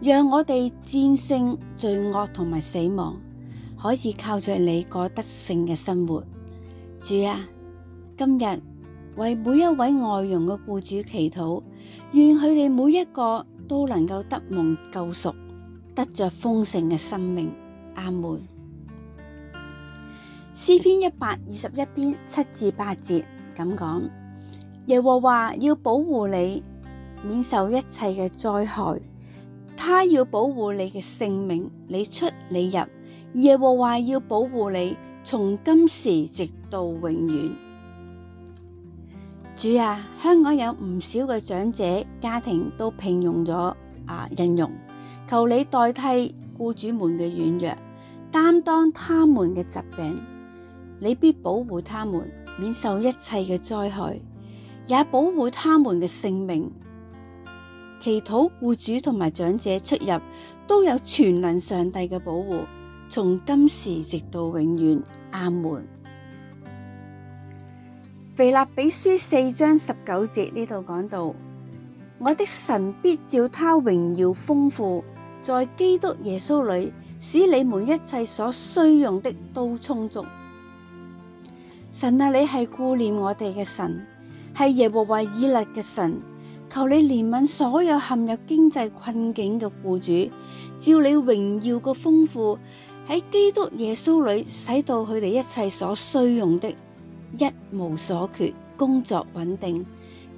讓我哋戰勝罪惡同埋死亡，可以靠着你過得勝嘅生活，主啊，今日為每一位外傭嘅雇主祈禱，願佢哋每一個都能夠得蒙救贖，得着豐盛嘅生命。阿門。詩篇一百二十一篇七至八節咁講，耶和華要保護你，免受一切嘅災害。他要保護你嘅性命，你出你入，耶和華要保護你，從今時直到永遠。主啊，香港有唔少嘅長者家庭都聘用咗啊印傭，求你代替雇主們嘅軟弱，擔當他們嘅疾病，你必保護他們免受一切嘅災害，也保護他們嘅性命。祈禱雇主同埋長者出入都有全能上帝嘅保護，從今時直到永遠。阿門。腓立比書四章十九節呢度講到，我的神必照他榮耀豐富，在基督耶穌裏，使你們一切所需用的都充足。神啊，你係顧念我哋嘅神，係耶和華以勒嘅神。求你憐憫所有陷入經濟困境嘅僱主，照你榮耀嘅豐富喺基督耶穌裏使到佢哋一切所需用的，一無所缺，工作穩定，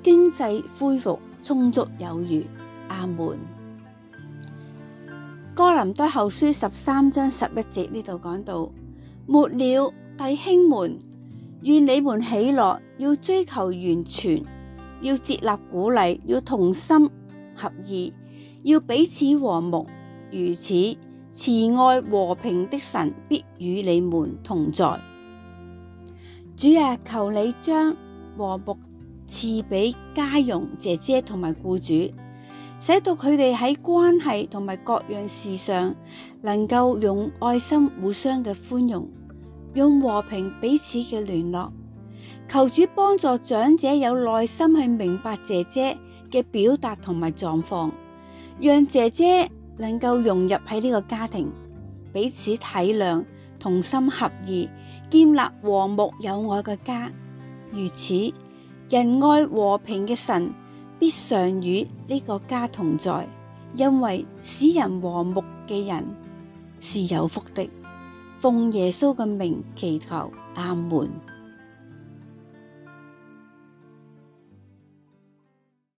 經濟恢復充足有餘。阿門。哥林多後書十三章十一節呢度講到，末了弟兄們，願你們喜樂，要追求完全。要接納鼓勵，要同心合意，要彼此和睦，如此慈愛和平的神必與你們同在。主啊，求你將和睦賜俾家傭姐姐同埋雇主，使到佢哋喺關係同埋各樣事上，能夠用愛心互相嘅寬容，用和平彼此嘅聯絡。求主幫助長者有耐心去明白姐姐嘅表達同埋狀況，讓姐姐能夠融入喺呢個家庭，彼此體諒，同心合意，建立和睦有愛嘅家。如此仁愛和平嘅神必常與呢個家同在，因為使人和睦嘅人是有福的。奉耶穌嘅名祈求，阿門。